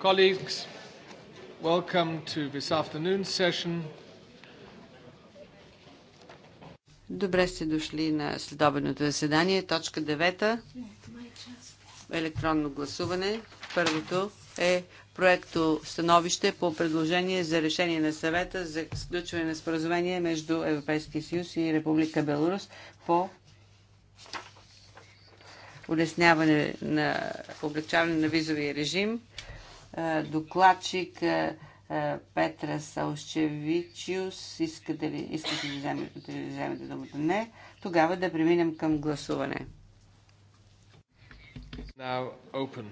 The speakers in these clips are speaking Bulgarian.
Colleagues, welcome to this afternoon session. Добре сте дошли на следобедното заседание. Точка 9. Електронно гласуване. Първото е проекто становище по предложение за решение на съвета за сключване на споразумение между Европейския съюз и Република Беларус по улесняване на облегчаване на визовия режим докладчик Петра Саушевичиус. Искате ли, искате ли да вземете, да вземете думата? Не. Тогава да преминем към гласуване. Now open.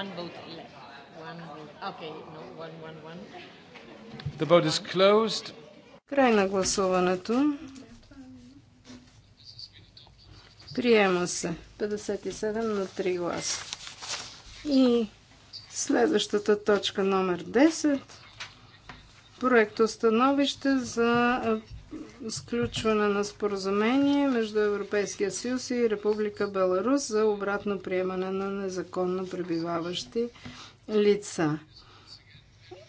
One vote left. One vote. Okay, no, one, one, one. The vote is closed. Край на гласуването. Приема се 57 на 3 гласа. И следващата точка номер 10. Проект установище за сключване на споразумение между Европейския съюз и Република Беларус за обратно приемане на незаконно пребиваващи лица.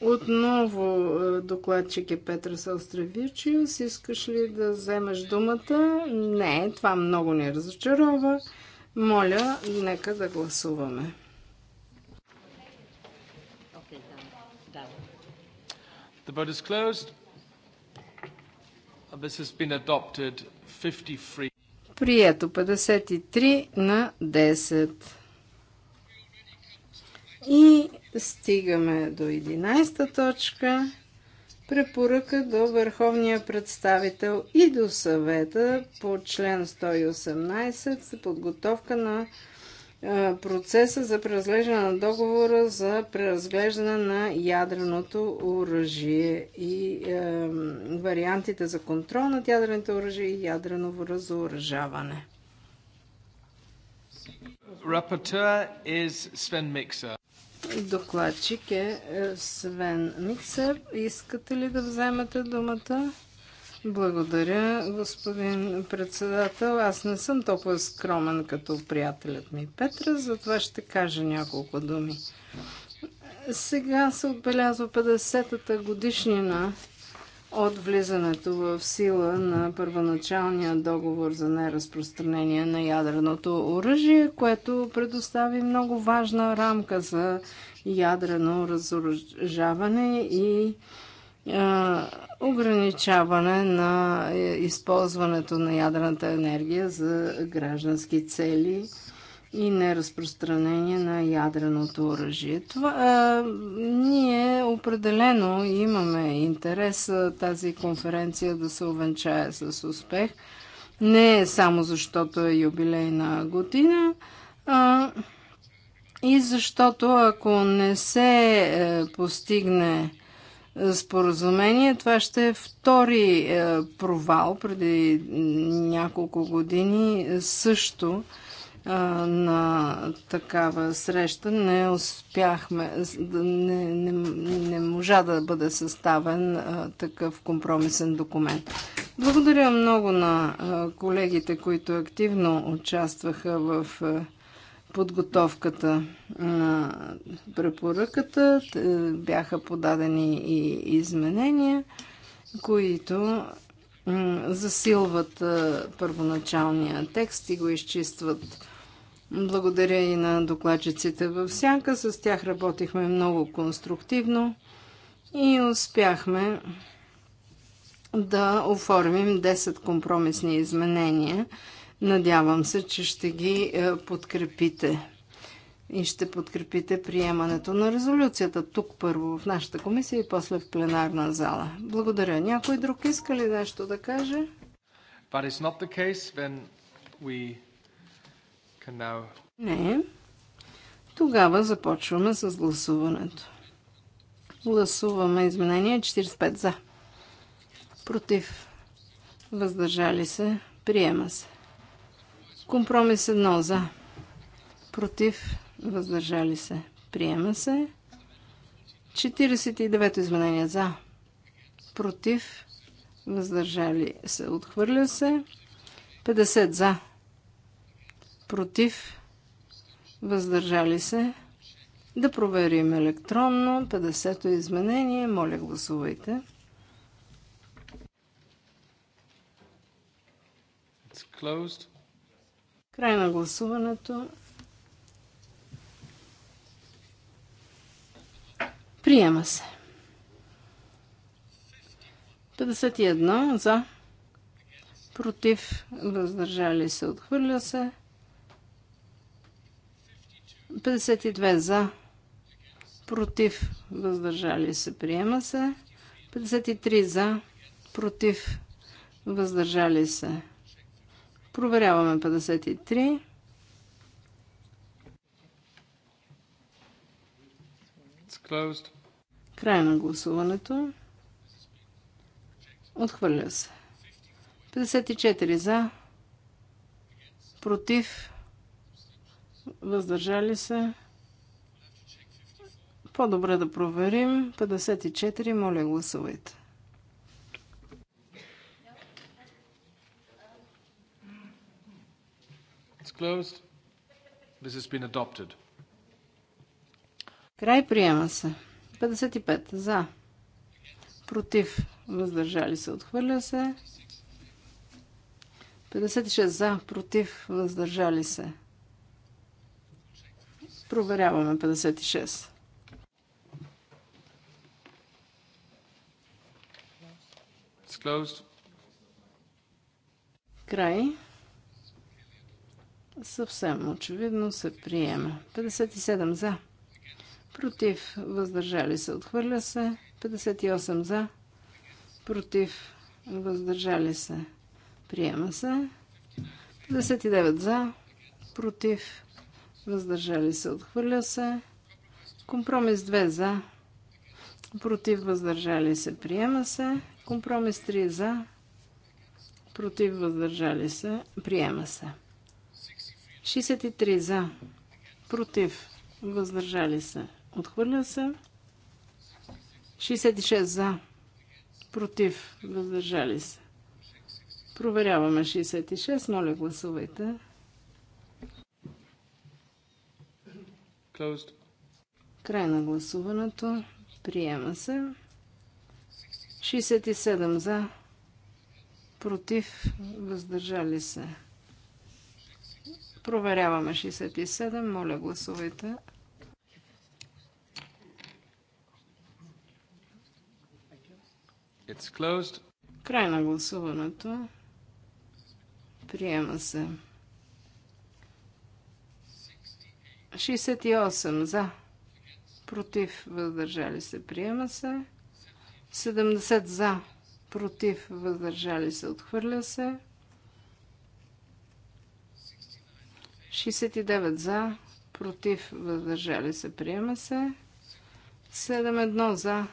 Отново е, докладчик е Петра Салстравичиус. Искаш ли да вземеш думата? Не, това много ни разочарова. Моля, нека да гласуваме. The vote is closed. Uh, this has been adopted 53. Прието 53 на 10. И Стигаме до 11 точка. Препоръка до Върховния представител и до съвета по член 118 за подготовка на процеса за преразглеждане на договора за преразглеждане на ядреното оръжие и е, вариантите за контрол над ядреното оръжие и ядрено разоръжаване. Рапортер е Свен Миксер. Докладчик е, е Свен Миксер. Искате ли да вземете думата? Благодаря, господин председател. Аз не съм толкова скромен като приятелят ми Петра, затова ще кажа няколко думи. Сега се отбелязва 50-та годишнина от влизането в сила на първоначалния договор за неразпространение на ядреното оръжие, което предостави много важна рамка за ядрено разоръжаване и а, ограничаване на е, използването на ядрената енергия за граждански цели и неразпространение на ядреното оръжие. Това, а, ние определено имаме интерес а, тази конференция да се увенчае с успех. Не само защото е юбилейна година, а, и защото ако не се е, постигне е, споразумение. Това ще е втори е, провал преди няколко години. Също на такава среща. Не успяхме, не, не, не можа да бъде съставен а, такъв компромисен документ. Благодаря много на а, колегите, които активно участваха в а, подготовката на препоръката. Те бяха подадени и изменения, които засилват първоначалния текст и го изчистват благодаря и на докладчиците в Сянка. С тях работихме много конструктивно и успяхме да оформим 10 компромисни изменения. Надявам се, че ще ги е, подкрепите и ще подкрепите приемането на резолюцията тук първо в нашата комисия и после в пленарна зала. Благодаря. Някой друг иска ли нещо да каже? But it's not the case when we не. Тогава започваме с гласуването. Гласуваме изменение 45 за. Против. Въздържали се. Приема се. Компромис 1 за. Против. Въздържали се. Приема се. 49 изменение за. Против. Въздържали се. Отхвърля се. 50 за против, въздържали се. Да проверим електронно 50-то изменение. Моля, гласувайте. Край на гласуването. Приема се. 51 за, против, въздържали се, отхвърля се. 52 за, против, въздържали се, приема се. 53 за, против, въздържали се. Проверяваме 53. Край на гласуването. Отхвърля се. 54 за, против, въздържали се. По-добре да проверим. 54, моля гласувайте. Край приема се. 55 за. Против. Въздържали се. Отхвърля се. 56 за. Против. Въздържали се. Проверяваме 56. Край. Съвсем очевидно се приема. 57 за. Против. Въздържали се. Отхвърля се. 58 за. Против. Въздържали се. Приема се. 59 за. Против въздържали се, отхвърля се. Компромис 2 за, против, въздържали се, приема се. Компромис 3 за, против, въздържали се, приема се. 63 за, против, въздържали се, отхвърля се. 66 за, против, въздържали се. Проверяваме 66, моля гласувайте. closed. Край на гласуването. Приема се. 67 за. Против. Въздържали се. Проверяваме 67. Моля, гласувайте. Край на гласуването. Приема се. 68 за. Против. Въздържали се. Приема се. 70 за. Против. Въздържали се. Отхвърля се. 69 за. Против. Въздържали се. Приема се. 7 за.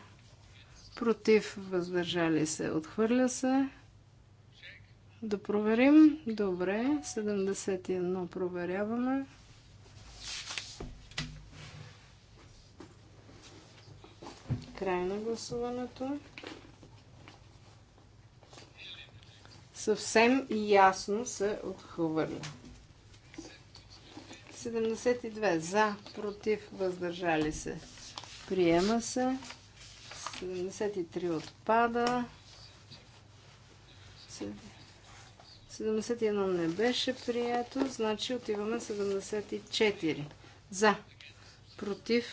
Против. Въздържали се. Отхвърля се. Да проверим. Добре. 71 проверяваме. Край на гласуването. Съвсем ясно се отхвърля. 72 за, против, въздържали се. Приема се. 73 отпада. 71 не беше прието, значи отиваме 74. За, против,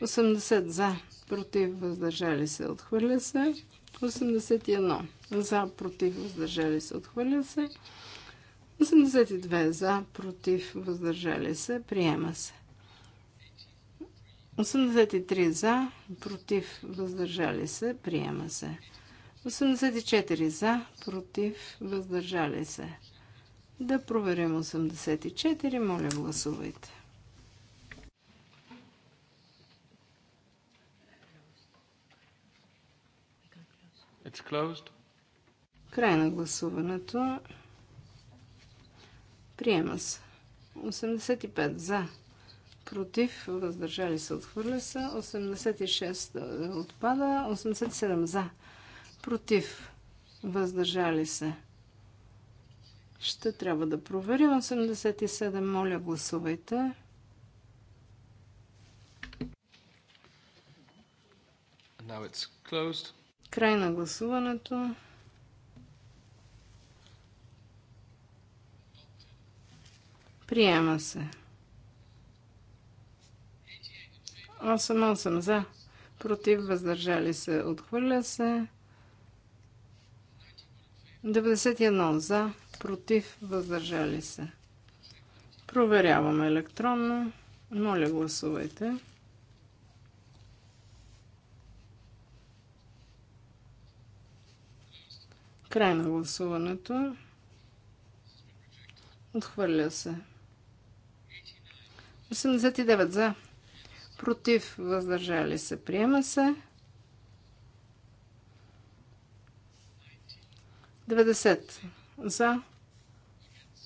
80 за, против, въздържали се, отхвърля се. 81 за, против, въздържали се, отхвърля се. 82 за, против, въздържали се, приема се. 83 за, против, въздържали се, приема се. 84 за, против, въздържали се. Да проверим 84. Моля, гласувайте. Край на гласуването. Приема се. 85 за. Против. Въздържали се. Отхвърля се. 86 е, отпада. 87 за. Против. Въздържали се. Ще трябва да проверим. 87. Моля, гласувайте. Now it's closed. Край на гласуването. Приема се. 8-8 за. Против, въздържали се, отхвърля се. 91 за. Против, въздържали се. Проверяваме електронно. Моля, гласувайте. Край на гласуването. Отхвърля се. 89 за. Против. Въздържали се. Приема се. 90 за.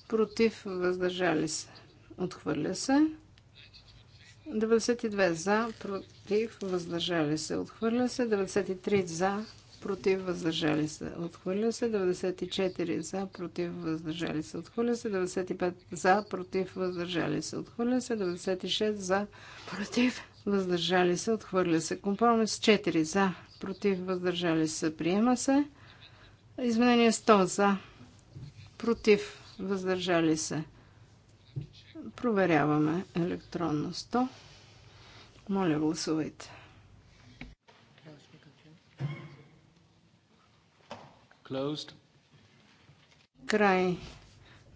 Против. Въздържали се. Отхвърля се. 92 за. Против. Въздържали се. Отхвърля се. 93 за против, въздържали се, отхвърля се, 94 за, против, въздържали се, отхвърля се, 95 за, против, въздържали се, отхвърля се, 96 за, против, въздържали се, отхвърля се, компромис 4 за, против, въздържали се, приема се, изменение 100 за, против, въздържали се, проверяваме електронно 100, моля гласувайте. Closed. Край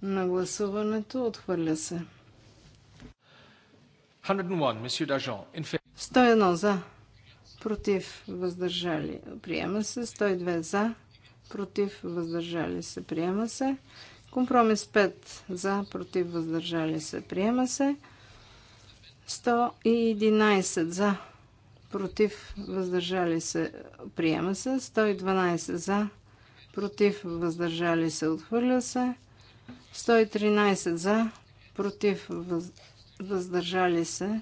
на гласуването. Отхвърля се. 101, месье Дажон. 101 за. Против. Въздържали. Приема се. 102 за. Против. Въздържали се. Приема се. Компромис 5 за. Против. Въздържали се. Приема се. 111 за. Против. Въздържали се. Приема се. 112 за против, въздържали се, отхвърля се. 113 за, против, въздържали се.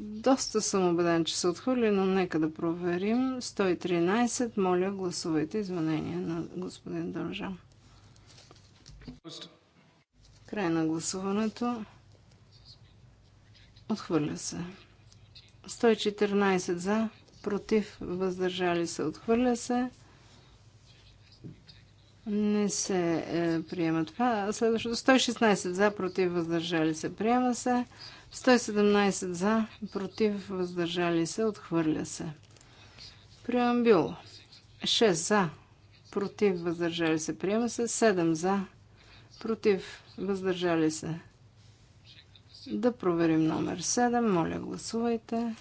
Доста съм убеден, че се отхвърли, но нека да проверим. 113, моля, гласувайте извънение на господин Държан. Край на гласуването. Отхвърля се. 114 за, против, въздържали се, отхвърля се. Не се е, приема това. Следващото 116 за, против, въздържали се. Приема се. 117 за, против, въздържали се. Отхвърля се. Преамбюл. 6 за, против, въздържали се. Приема се. 7 за, против, въздържали се. Да проверим номер 7. Моля, гласувайте.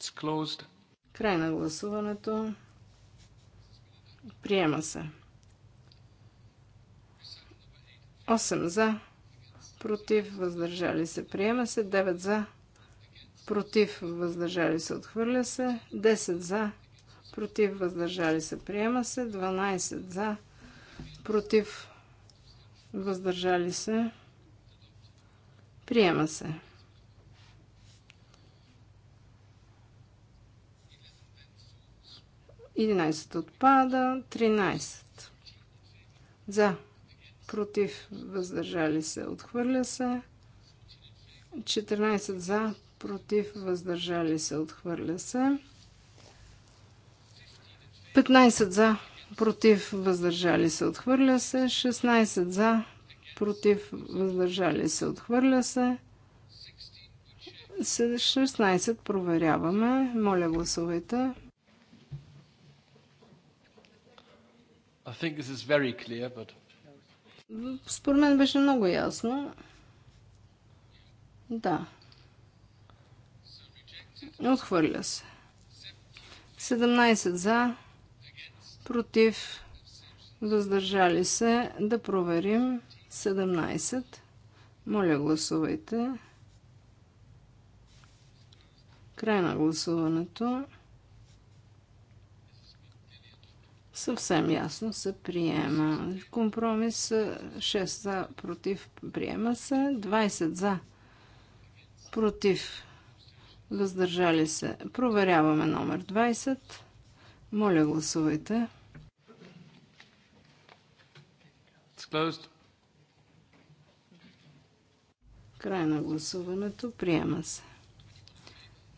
It's closed. Край на гласуването. Приема се. 8 за, против, въздържали се, приема се. 9 за, против, въздържали се, отхвърля се. 10 за, против, въздържали се, приема се. 12 за, против, въздържали се, приема се. 11 отпада. 13. За. Против. Въздържали се. Отхвърля се. 14 за. Против. Въздържали се. Отхвърля се. 15 за. Против. Въздържали се. Отхвърля се. 16 за. Против. Въздържали се. Отхвърля се. 16 проверяваме. Моля гласувайте. Според мен беше много ясно. Да. Отхвърля се. 17 за, против, въздържали се. Да проверим. 17. Моля, гласувайте. Край на гласуването. съвсем ясно се приема. Компромис 6 е, за, против, приема се. 20 за, против, въздържали се. Проверяваме номер 20. Моля, гласувайте. Край на гласуването. Приема се.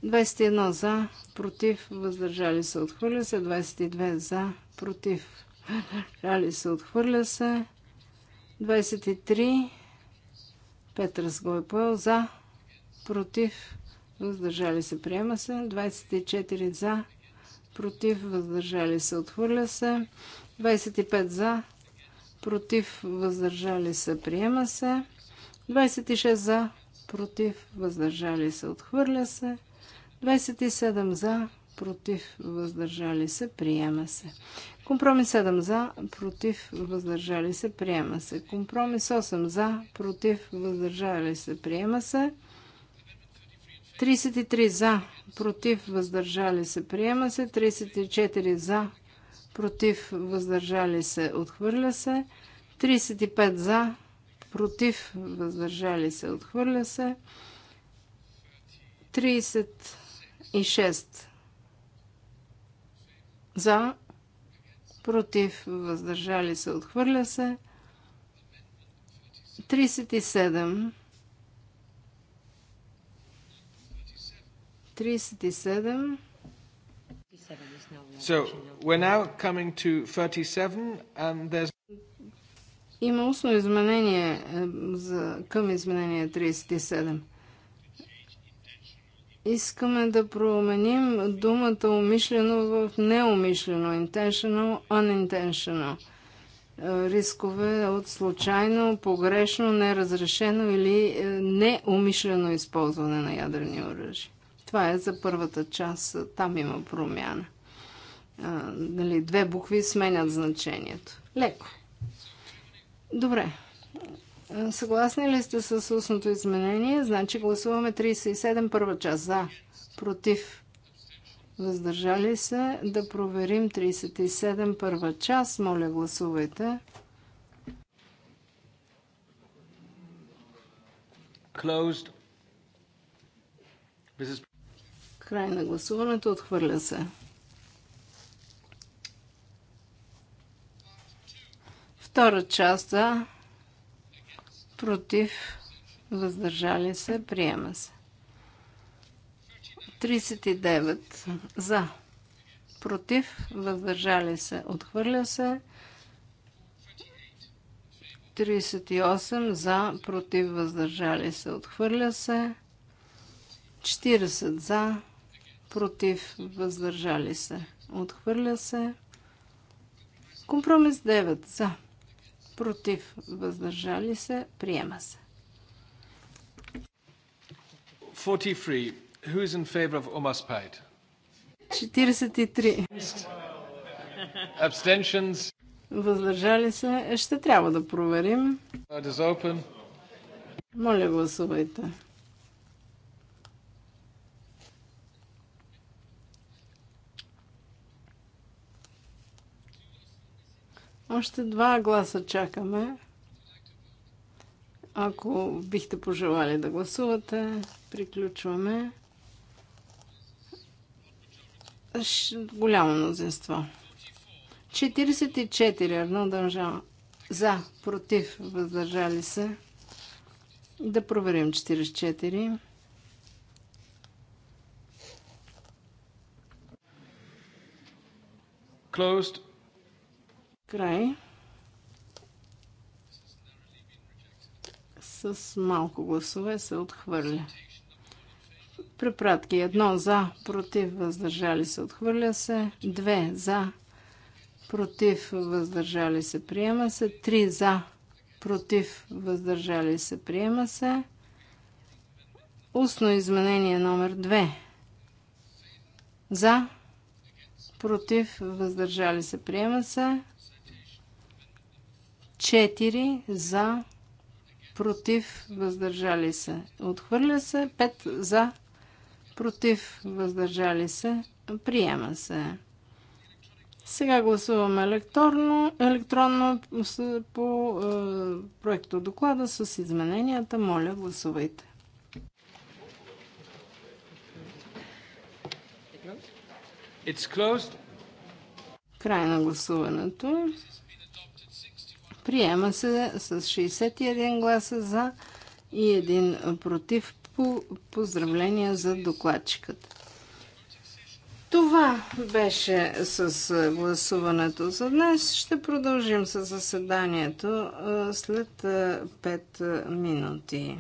21 за, против, въздържали се, отхвърля се. 22 за, против, въздържали се, отхвърля се. 23 5 го поел за, против, въздържали се, приема се. 24 за, против, въздържали се, отхвърля се. 25 за, против, въздържали се, приема се. 26 за, против, въздържали се, отхвърля се. 27 за, против, въздържали се, приема се. Компромис 7 за, против, въздържали се, приема се. Компромис 8 за, против, въздържали се, приема се. 33 за, против, въздържали се, приема се. 34 за, против, въздържали се, отхвърля се. 35 за, против, въздържали се, отхвърля се. 30 и 6. За, против, въздържали се, отхвърля се. 37. 37. So we're now coming to 37 and there's Има устно изменение е, за, към изменение 37 искаме да променим думата умишлено в неумишлено, intentional, unintentional. Е, рискове от случайно, погрешно, неразрешено или е, неумишлено използване на ядрени оръжия. Това е за първата част. Там има промяна. А, нали, две букви сменят значението. Леко. Добре. Съгласни ли сте с устното изменение? Значи гласуваме 37 първа част за, против, въздържали се. Да проверим 37 първа част. Моля, гласувайте. Closed. Край на гласуването. Отхвърля се. Втора част за. Да против, въздържали се, приема се. 39 за, против, въздържали се, отхвърля се. 38 за, против, въздържали се, отхвърля се. 40 за, против, въздържали се, отхвърля се. Компромис 9 за против, въздържали се, приема се. 43. Who is in favor of Omas Paid? 43. Abstentions. Въздържали се. Ще трябва да проверим. Моля, гласувайте. Още два гласа чакаме. Ако бихте пожелали да гласувате, приключваме. Голямо мнозинство. 44 едно държава. За, против, въздържали се. Да проверим 44. Closed. Край. С малко гласове се отхвърля. Препратки. Едно за, против, въздържали се, отхвърля се. Две за, против, въздържали се, приема се. Три за, против, въздържали се, приема се. Устно изменение номер 2. За, против, въздържали се, приема се. 4 за, против, въздържали се. Отхвърля се 5 за, против, въздържали се. Приема се. Сега гласуваме електронно, електронно по е, проекто доклада с измененията. Моля, гласувайте. Край на гласуването. Приема се с 61 гласа за и един против. По поздравления за докладчиката. Това беше с гласуването за днес. Ще продължим с заседанието след 5 минути.